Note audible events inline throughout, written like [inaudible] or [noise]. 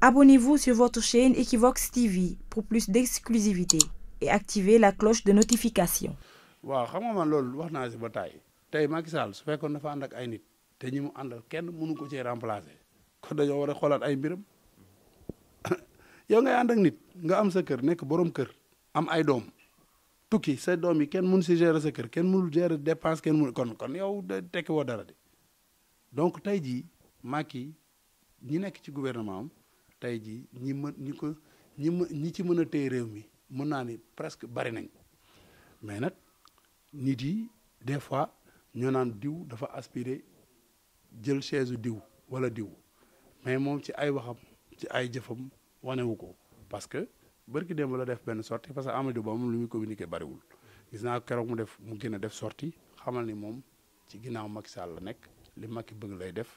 Abonnez-vous sur votre chaîne Equivox TV pour plus d'exclusivité et activez la cloche de notification. waaw xam nga man loolu wax naa si ba taay tey Macky Sall su fekkoon dafa ànd ak ay nit te ñi mu àndal kenn munu ko cee remplacer kon dañoo war a xoolaat ay mbiram [laughs] yow ngay ànd ak nit nga am sa kër nekk boroom kër am ay doom tukki sa doom yi kenn mënu si gérer sa kër kenn mënul gérer dépense kenn mënu kon kon yow tekki woo dara de donc tey jii Macky ñi nekk ci gouvernement am. tey jii ñi mën ñi ko ñi ñi ci mën a téye réew mi mën naa ni presque bari nañ mais nag nit yi des fois ñoo naan diw dafa aspiré jël chaise diw wala diw mais moom ci ay waxam ci ay jëfam wanewu ko parce que bërki démb la def benn sortie parce que Amadou Ba moom lu muy communiqué bariwul gis naa keroog mu def mu gën a def sorti xamal ni moom ci ginnaaw Macky Sall la nekk li Macky bëgg lay def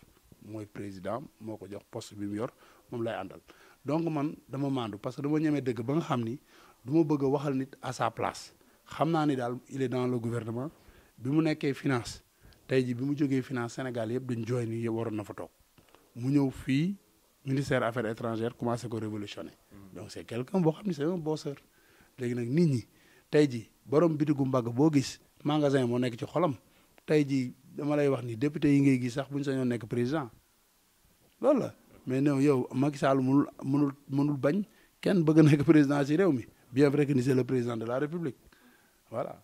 mooy président moo ko jox post bi mu yor moom lay àndal donc man dama maandu parce que dama ñemee dëgg ba nga xam ni du ma bëgg a waxal nit à sa place xam naa ni daal il est dans le gouvernement bi mu nekkee finance tey ji bi mu jógee finance Sénégal yëpp dañ jooy ni waroon na fa toog mu ñëw fii ministère affaire étrangères commencé ko révolutionner donc c' est quelqu'un boo xam ni c' est un léegi nag nit ñi tey ji borom bitigu mbagg boo gis magasin moo nekk ci xolam tey ji dama lay wax nii député yi ngay gis sax bu ñu sañoon nekk président mais néew yow Macky Sall mënul mënul mënul bañ kenn bëgg nekk président ci réew mi bien vrai que ni c'est le président de la République voilà.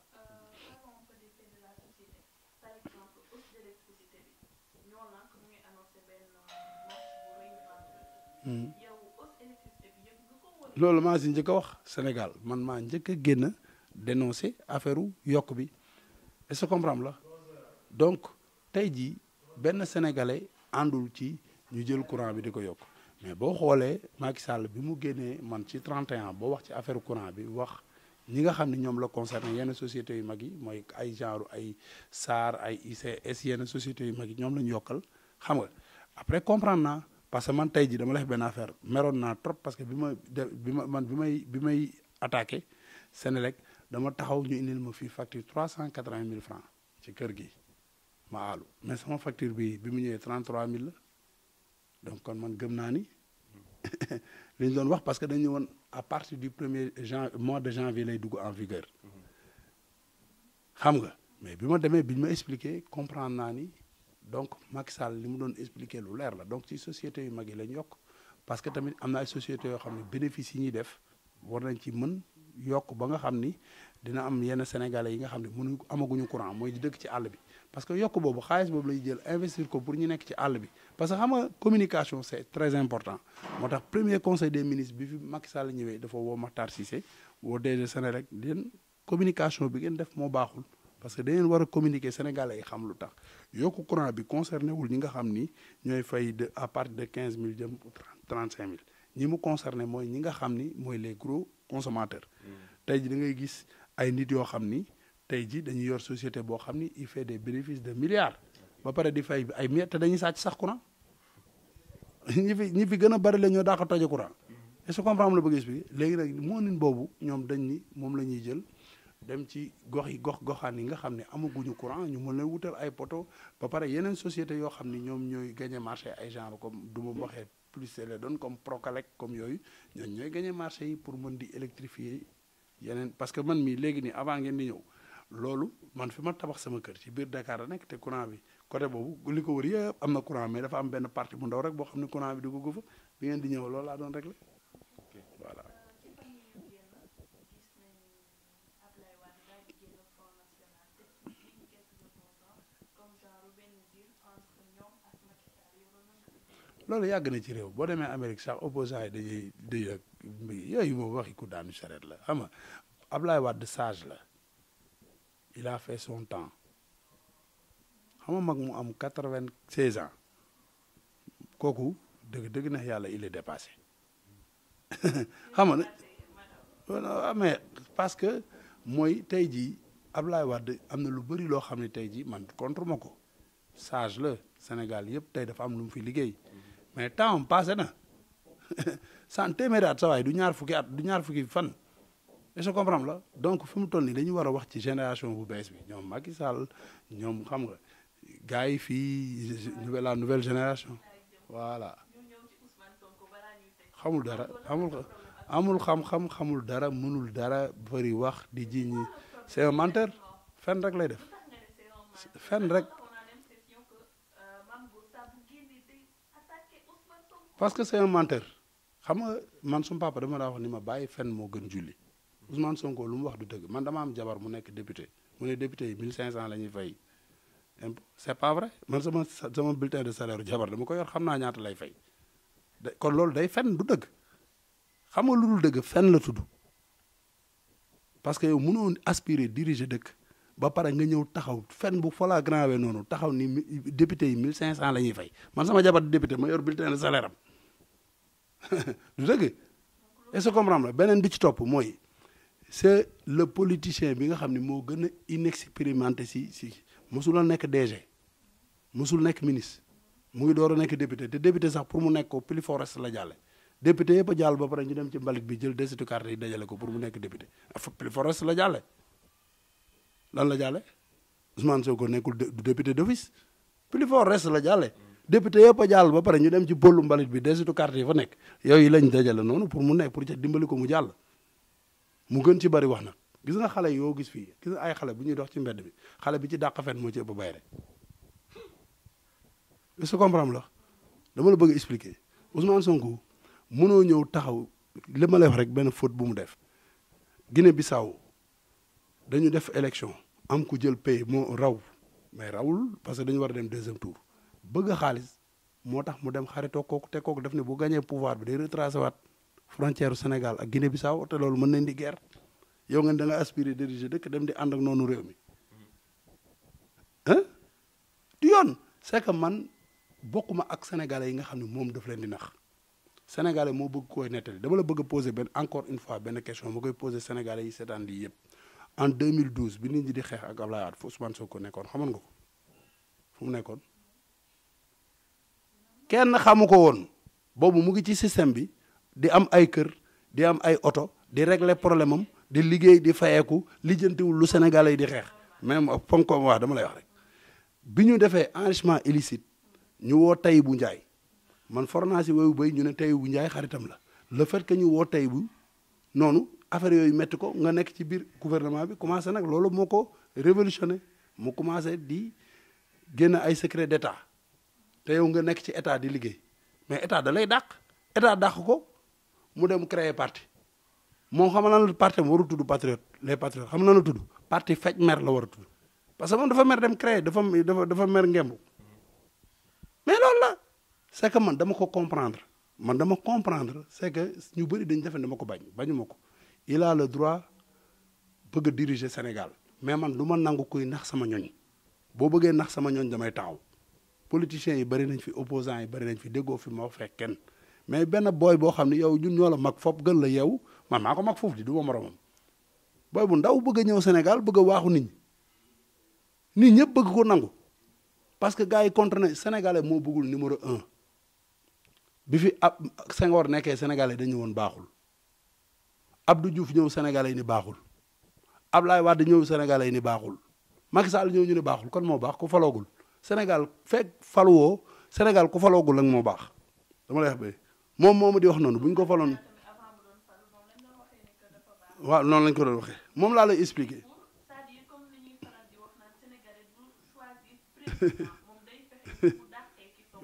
Hmm. loolu maa si njëkk a wax Sénégal man maa njëkk a génn dénoncer affaire yokk bi est-ce que comprendre la donc tey jii benn sénégalais àndul ci. ñu jël courant bi di ko yokk mais boo xoolee Macky Sall bi mu génnee man ci 31 boo wax ci affaire courant bi wax ñi nga xam ne ñoom la concerné yenn sociétés yu mag yi mooy ay genre ay SAR ay ICS yenn sociétés yu mag yi ñoom la ñu yokkal xam nga après comprendre naa parce que man tey jii dama def benn affaire meroon naa trop parce que bi ma bi ma man bi may bi may attaqué Senelec dama taxaw ñu indil ma fii facture 380 mille francs ci kër gi ma aalu mais sama bi bi mu ñëwee 33 000 donc kon man gëm naa ni [laughs] li ñu doon wax parce que dañu woon à partir du premier jan mois de janvier lay dugg en vigueur xam nga mais bi ma demee bi ñu ma expliqué comprendre naa ni donc Macky Sall li mu doon expliquer lu leer la donc ci société yu mag yi lañ yokk parce que tamit am naa ay yoo xam ne bénéfice yi ñuy def war nañ ci mën yokk ba nga xam ni dina am yenn sénégalais yi nga xam ne mënuñu amaguñu courant mooy di dëkk ci àll bi. parce que yokk boobu xaalis boobu lay jël investir ko pour ñu nekk ci àll bi parce que xam nga communication c' est très important moo tax premier conseil des ministres bi fi Macky Sall ñëwee dafa woo Makhtar Cissé woo DG rek leen communication bi ngeen def moo baaxul parce que da ngeen war a communiquer sénégalais yi xam lu tax yokk courant bi conserné wul ñi nga xam ni ñooy fay de à partir de quinze mille jëm trente cinq mille ñi mu concerné mooy ñi nga xam ni mooy les gros consommateurs. Mm. tey ji da ngay gis ay nit yoo xam ni. tey ji dañuy yor société boo xam ni il fait des bénéfices de milliards ba pare di fay ay milliards te dañuy sàcc sax courant ñi fi ñi fi gën a bari la ñoo daa ko toje courant est-ce que comprendre la bëgg léegi nag moo nin boobu ñoom dañ ni moom la jël dem ci gox yi gox goxaan yi nga xam ne amaguñu courant ñu mën leen wutal ay poto ba pare yeneen société yoo xam ne ñoom ñooy gagné marché ay genre comme du ma waxee plus c'est les comme Procalec comme yooyu ñoom ñooy gagné marché yi pour mën di électrifier yeneen parce que man mii léegi nii avant ngeen di ñëw loolu man fi ma tabax sama kër ci biir Dakar nekk te courant bi côté boobu li ko am na courant mais dafa am benn partie bu ndaw rek boo xam ne bi dugg ko fa bi ngeen di ñëw loolu laa doon voilà. loolu yàgg na ci réew boo demee Amérique sax opposants yi dañuy dañuy yooyu moom waxi ku daanu sareet la xam nga Ablaye Wade sage la. il a fait son temps xam nga mag mu am quatre-vingt-seize ans kooku dëgg dëgg na yàlla il est dépassé [laughs] xam nga ah, mais parce que mooy tey jii Ablaye Wade am na lu bëri loo xam ne tey jii man contre ma ko sage la Sénégal yëpp tey dafa am lu mu fi liggéey mais temps am passé na san [laughs] téeméeri at sa du ñaar fukki at du ñaar fukki fan est-ce la donc fi mu toll nii dañuy war a wax ci génération bu bees bi ñoom Macky Sall ñoom xam nga gars yi fii la nouvelle génération voilà xamul dara amul amul xam xamul dara mënul dara bëri wax di ji ñi c'est un menteur fenn rek lay def fenn rek parce que c'est un menteur xam nga man sum papa dama daa wax ni ma bàyyi fenn moo gën julli Ousmane Sonko lu mu wax du dëgg man dama am jabar mu nekk député mu ne député yi 1500 la ñuy fay imp c'est man sama sama bulletin de salaire jabar dama ko yor xam naa ñaata fay kon loolu day fenn du dëgg nga lu dëgg fenn la tudd que yow mënoo diriger dëkk ba pare nga ñëw taxaw fenn bu folaa noonu taxaw ni député yi 1500 la ñuy fay man sama jabar député ma yor bulletin de salaire am [laughs] du dëgg est-ce que la beneen bi ci topp mooy. c'est le politicien bi nga xam ne moo gën a inexpérimenté si si mosul a nekk DG mosul nekk ministre mu ngi door a nekk député te député sax pour mu nekk ko plus fort la jàlle député yëpp a jàll ba ñu dem ci mbalit bi jël desitu carte yi dajale ko pour mu nekk député plus fort la jàlle lan la jàlle Ousmane Sonko nekkul député d'office plus fort la jàlle député yëpp a jàll ba pare ñu dem ci bollu mbalit bi desitu carte yi nekk yooyu lañ dajale noonu pour mu nekk pur ca dimbali ko mu jàll mu gën ci bari wax nag gis nga xale yoo gis fii gis nga ay xale bu ñuy dox ci mbedd bi xale bi ci dàq fen moo ci ëpp bay rek est-ce la dama la bëgg expliquer Ousmane Sonko mënoo ñëw taxaw li ma lay wax rek benn foot bu mu def Guinée Bissau dañu def election am ku jël pay moo raw mais rawul parce que dañu war a dem deuxième tour bëgg xaalis moo tax mu dem xaritoo kook te kooku def ne bu gañee pouvoir bi day retracé waat frontière Sénégal ak Guinée Bissau te loolu mën nañ di guerre yow ngeen da nga aspiré diriger dëkk dem di ànd ak noonu réew mi ah yoon c'est man bokkuma ak sénégalais yi nga xam ne moom daf leen di nax sénégalais moo bëgg koy nettali dama la bëgg a poser benn encore une fois benn question ma koy poser sénégalais yi seetaan lii yëpp en 2012 bi nit ñi di xeex ak at Wade fu Ousmane Sonko nekkoon xamoon nga ko fu mu nekkoon kenn xamu ko woon boobu mu ngi ci système bi di am ay kër di am ay oto di régler problème am di liggéey di fayeeku lijjantiwul lu Sénégalais yi di xeex même fonk ko wax dama lay wax rek bi ñu defee enrichissement illicite ñu woo bu Ndiaye man fornaasi woowu bay ñu ne bu Ndiaye xaritam la le fait que ñu woo bu noonu affaire yooyu métti ko nga nekk ci biir gouvernement bi commencé nag loolu moo ko révolutionné mu commencé di génn ay secret d'état te yow nga nekk ci état di liggéey mais état da lay dàq état dàq ko mu dem créer parti moom xam naa la parti am warul tudd patriote les patriotes xam naa ne tudd parti faj mer la war a tudd parce que moom dafa mer dem créer dafa dafa dafa mer ngemb mais loolu la c'est man dama ko comprendre man dama comprendre c'est ñu bëri dañ defe dama ko bañ bañu ma ko il a le droit bëgg a diriger Sénégal mais man du ma nangu kuy nax sama ñoñ boo bëggee nax sama ñoñ damay taxaw politiciens yi bari nañ fi opposants yi bari nañ fi déggoo fi moo fekk kenn mais benn booy boo xam ne yow ñun ñoo la mag fop gën la yeewu man maa ko mag foofu di du ma moromam booy bu ndaw bëgg a ñëw senegal bëgg waaxu nit ñi ñëpp bëgg ko nangu parce que gars yi contre ne sénégalais moo bëggul numéro bi fi ab Senghor nekkee sénégalais dañu woon baaxul Abdou Diouf ñëw sénégalais ni baaxul Ablaye Wade ñëw sénégalais ni baaxul Macky Sall ñëw ñu ne baaxul kon moo baax ku faloogul Sénégal fekk faluwoo Sénégal ku faloogul ak moo baax dama moom moomu di wax noonu bu ñu ko faloon waaw noonu lañ ko doon waxe moom laa lay expliquer [laughs]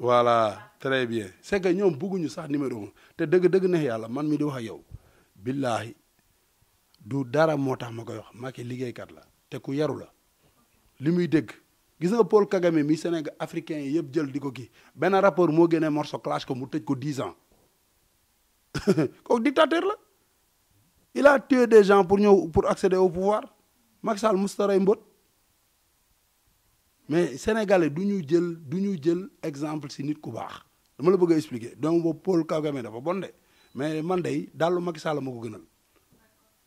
voilà très bien c'est que ñoom bugguñu sax numéro te dëgg-dëgg neex yàlla man mi di wax ak yow billaahi du dara moo tax ma koy wax Macky liggéeykat la te ku yaru la li muy dégg gis nga Paul Kagame mi Sénégal africain yëpp jël di ko ki benn rapport moo génnee morceau clash ko mu tëj ko 10 ans [laughs] kooku dictateur la il a tué des gens pour ñëw pour accéder au pouvoir Macky Sall musta rey mbot mais sénégalais du ñu jël du ñu jël exemple si nit ku baax dama la bëgg a expliquer donc boobu Paul Kagame dafa bonde mais man de dalu Macky Sall ma ko gënal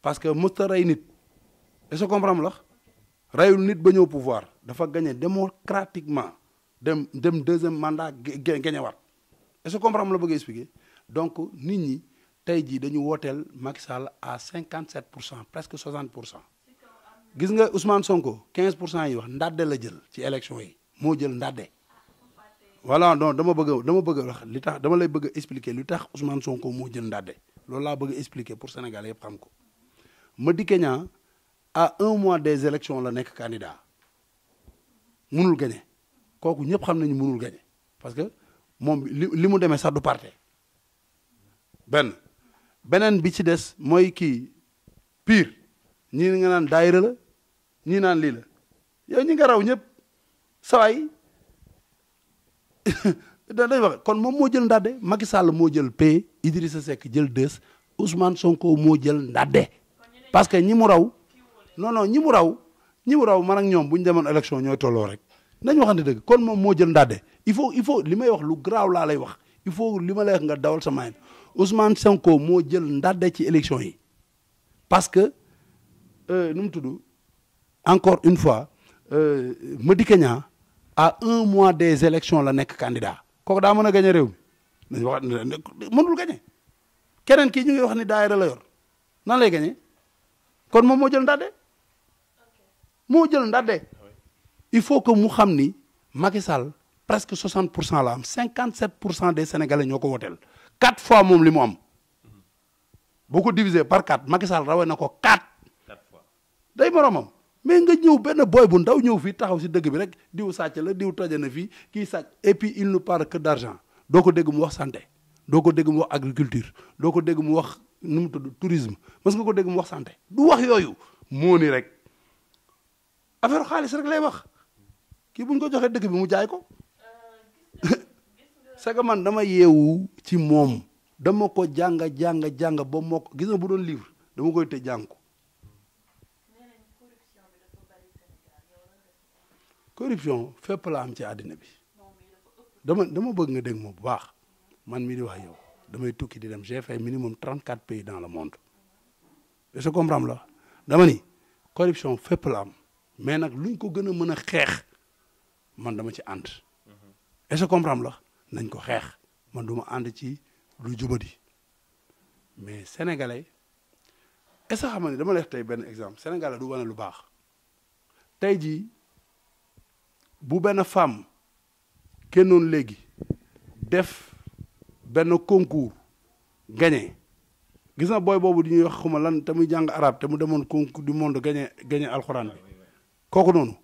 parce que musta rey nit est-ce que comprendre la reyul nit ba ñëw pouvoir dafa gagné démocratiquement dem dem deuxième mandat gagné waat est-ce que comprendre la bëgg a donc nit ñi tey jii dañu wooteel Macky Sall à 57 pour cent presque 60 pour cent gis nga Ousmane Sonko 15 pour cent yi wax ndàdde la jël ci élection yi moo jël ndàdde. voilà non dama bëgg dama bëgg li tax dama lay bëgg expliquer li tax Ousmane Sonko moo jël ndàdde loolu laa bëgg expliquer pour Sénégalais yëpp xam ko Madické Niang à un mois des élections la nekk candidat mënul gagné kooku ñëpp xam nañu mënul gagné parce que moom li li mu demee sax du parti benn beneen bi ci des mooy kii pire ñii nga naan daayira la ñii naan lii la yow ñi nga raw ñëpp sawaay [laughs] da dañ wax kon moom moo jël ndàdde Macky Sall moo jël P sa Seck jël deux Ousmane Sonko moo jël ndàdde parce que ñi mu raw non non ñi mu raw ñi mu raw man ak ñoom bu ñu demoon élection ñooy tolloo rek nañ waxante dëgg kon moom moo jël ndàdde il faut il faut li may wax lu garaaw laa lay wax il faut li ma lay wax nga dawal sa Ousmane Sonko moo jël ndàdde ci élection yi parce que euh, nu mu tudd encore une fois euh, Madické Niang à un mois des élections la nekk candidat kooku daa mën a gañe réew mi dañu wax mënul gañe keneen kii ñu ngi la yor nan lay gañe kon moom moo jël ndàdde moo jël ndàdde ah il faut que mu xam ni Macky Sall presque 60 pour cent la am 57 pour cent des sénégalais ñoo ko woteel quatre fois moom li mu am boo ko diviser par quatre Macky rawee na ko quatre. quatre fois day moromam mais nga ñëw benn booy bu ndaw ñëw fii taxaw si dëgg bi rek diw sàcc la diw taje na fii kii sàcc et puis il par parle que d' doo ko dégg mu wax santé doo ko dégg mu wax agriculture doo ko dégg mu wax nu mu tudd tourisme parce nga ko dégg mu wax santé du wax yooyu moo ni rek affaire xaalis rek lay wax kii buñ ko joxee dëkk bi mu jaay ko. c'est man dama yeewu ci moom dama ko jàng jàng jàng ba mokk gis nga bu doon livre dama ko tëj jàng ko corruption fépp la am ci àddina bi dama dama bëgg nga deg moo bu baax man mi di wax yow damay tukki di dem j'ai fait minimum 34 pays dans le monde est-ce la dama ni corruption fépp la am mais nag luñ ko gën a mën a xeex man dama ci ànd mm-hmm. est-ce la nañ ko xeex man du ma ànd ci lu jubadi mais sénégalais est-ce que ne dama def tey benn exemple sénégalais du wane lu baax tey jii bu benn femme kennoon léegi def benn concours gagné gis na booy boobu di ñuy wax xuma lan te muy jàng arabe te mu demoon concours du monde gagné gagné alxuraan bi ah kooku noonu.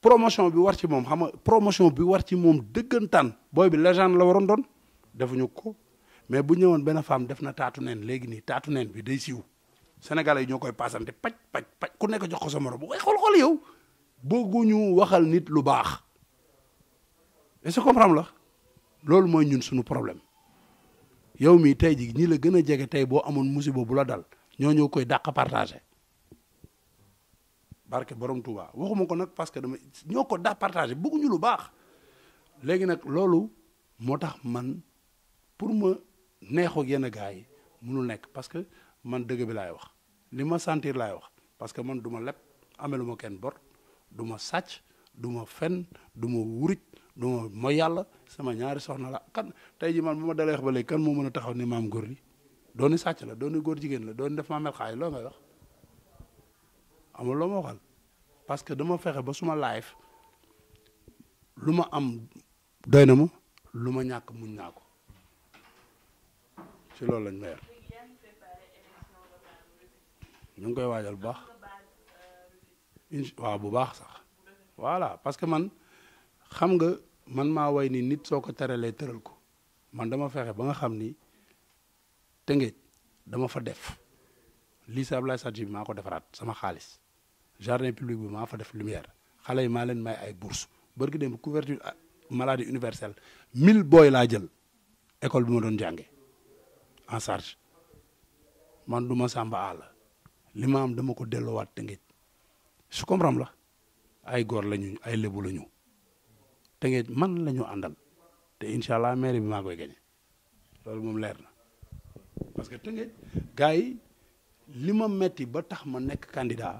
promotion bi war ci moom xam nga promotion bi war ci moom dëggantaan booy bi légende la waroon doon defuñu ko mais bu ñëwoon benn femme def na taatu neen léegi nii taatu neen bi day siiw sénégalais ñoo koy paasante paj paj paj ku nekk jox ko sa morom waaye xool xool yow bëgguñu waxal nit lu baax est-ce que la loolu mooy ñun suñu problème yow mii tey ji ñii la gën a jege tey boo amoon musiba bu la dal ñoo ñoo koy dàq partagé barke borom Touba waxuma ko nag parce que dama ñoo ko daa partagé lu baax léegi nag loolu moo tax man pour ma neexoo ak yenn gars yi mënul nekk parce que man dëgg bi laay wax li ma sentir laay wax parce que man duma ma leb ameluma kenn bor du ma sàcc du ma fen du ma wurit du ma yàlla sama ñaari soxna la kan tey ji man bu ma dalee wax ba léegi kan moo mën a taxaw ni maam góor yi dooni sàcc la dooni góor jigéen la dooni def ma mel xaay loo ngay wax amul loo ma waxal parce que dama fexe ba suma live lu ma am doy na mu lu ma ñàkk muñ naa ko si loolu lañ ma yar ñu ngi koy waajal bu baax waaw bu baax sax voilà parce que man xam nga man maa way nii nit soo ko teralee tëral ko man dama fexe ba nga xam ni tëngéej dama fa def lii sa Ablaye Sadji bi maa ko defaraat sama xaalis jardin public bi maa fa def lumière xale yi maa leen may ay bourse bërki dem couverture ah, maladie universelle mille booy laa jël école bi ma doon jànge en charge man du ma sàmba àll li ma am dama ko delloowaat tëngéej su comprendre la ay góor la ay lébu la ñu tëngéej man la ñu àndal te incha allah mairie bi maa koy gañe loolu moom leer na parce que tëngéej gars yi li ma metti ba tax ma nekk kandidaa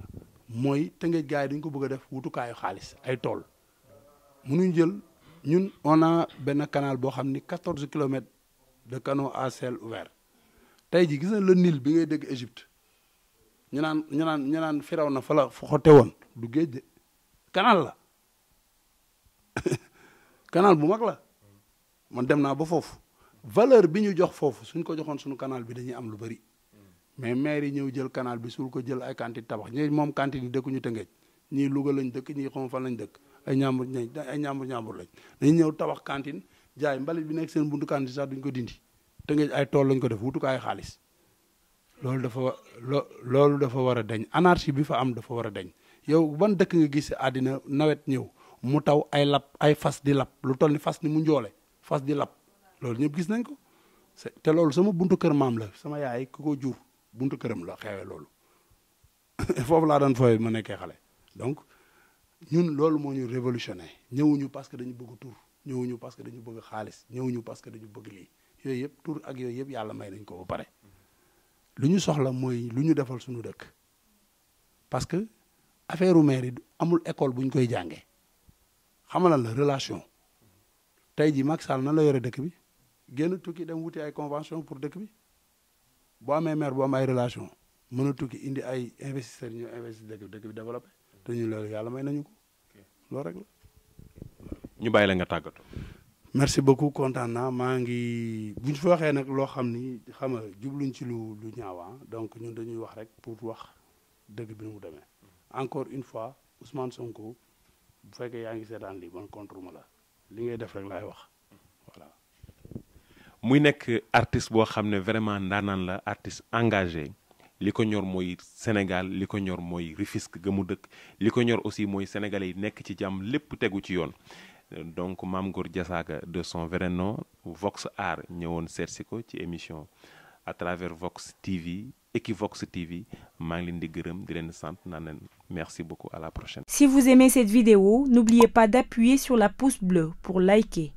mooy Tëngéej gars yi dañ ko bëgg a def wutukaayu xaalis ay tool mënuñ jël ñun on benn canal boo xam ni quatorze kilomètres de canaux à ciel ouvert tey ji gis na le Nil bi ngay dégg Égypte ñu naan ñu naan ñu naan firaw na fa la xote woon du géej de canal la [laughs] canal bu mag la man dem naa ba foofu valeur bi ñu jox foofu suñ ko joxoon suñu canal bi dañuy am lu bari mais maire yi ñëw jël kanaal bi suul ko jël ay cantine tabax ñi moom cantine yi dëkk ñu tëngeej ñii Louga lañ dëkk ñii xom fan lañu dëkk ay ñaambur ay ñaambur ñaambur lañ dañu ñëw tabax cantine jaay mbalit bi nekk seen buntu cantine sax duñ ko dindi tëngeej ay tool lañu ko def wutukaay xaalis loolu dafa loolu dafa war a deñ anarchie bi fa am dafa war a deñ yow ban dëkk nga gis si àddina nawet ñëw mu taw ay lab ay fas di lab lu toll ni fas ni mu njoole fas di lab loolu ñëpp gis nañ ko te loolu sama buntu kër maam la sama yaay ku ko jur buntu këram la xewe loolu [laughs] foofu laa daan fooy ma nekkee xale donc ñun loolu moo ñu révolutionné ñëwuñu parce que dañu bëgg tur ñëwuñu parce que dañu bëgg xaalis ñëwuñu parce que dañu bëgg lii yooyu yëpp tur ak yooyu yëpp yàlla may nañ ko ba pare lu ñu soxla mooy lu ñu defal suñu dëkk parce que affaire u mairie amul école bu ñu koy jàngee xamalal la relation tey jii mag Sall na la yore dëkk bi génn tukki dem wuti ay convention pour dëkk bi boo amee maire boo am ay relation mën a tukki indi ay investisseurs ñu investir dëkk bi dëkk bi développé te ñu loolu yàlla may nañu ko loo rek la. ñu bay la nga tàggatoo. merci beaucoup kontaan naa maa ngi bu ñu fa waxee nag loo xam ni xam nga jubluñ ci lu lu ñaawa ah. donc ñun dañuy wax rek pour wax dëgg bi nu mu demee encore une fois Ousmane Sonko bu fekkee yaa ngi seetaan lii man contre ma la li ngay def rek laay wax muy nekk artiste boo xam ne vraiment ndaanaan la artiste engagé li ko ñor mooy Sénégal li ko ñor mooy Rufisque ga mu dëkk li ko ñor aussi mooy sénégalais yi nekk ci jàmm lépp tegu ci yoon donc maam Goor Diazaka de son vrai nom Vox Art ñëwoon seet ko ci émission à travers Vox TV Equivox TV maa ngi leen di gërëm di leen sant naan leen merci beaucoup à la prochaine. Si vous aimez cette vidéo n'oubliez pas d'appuyer sur la pouce bleue pour liker.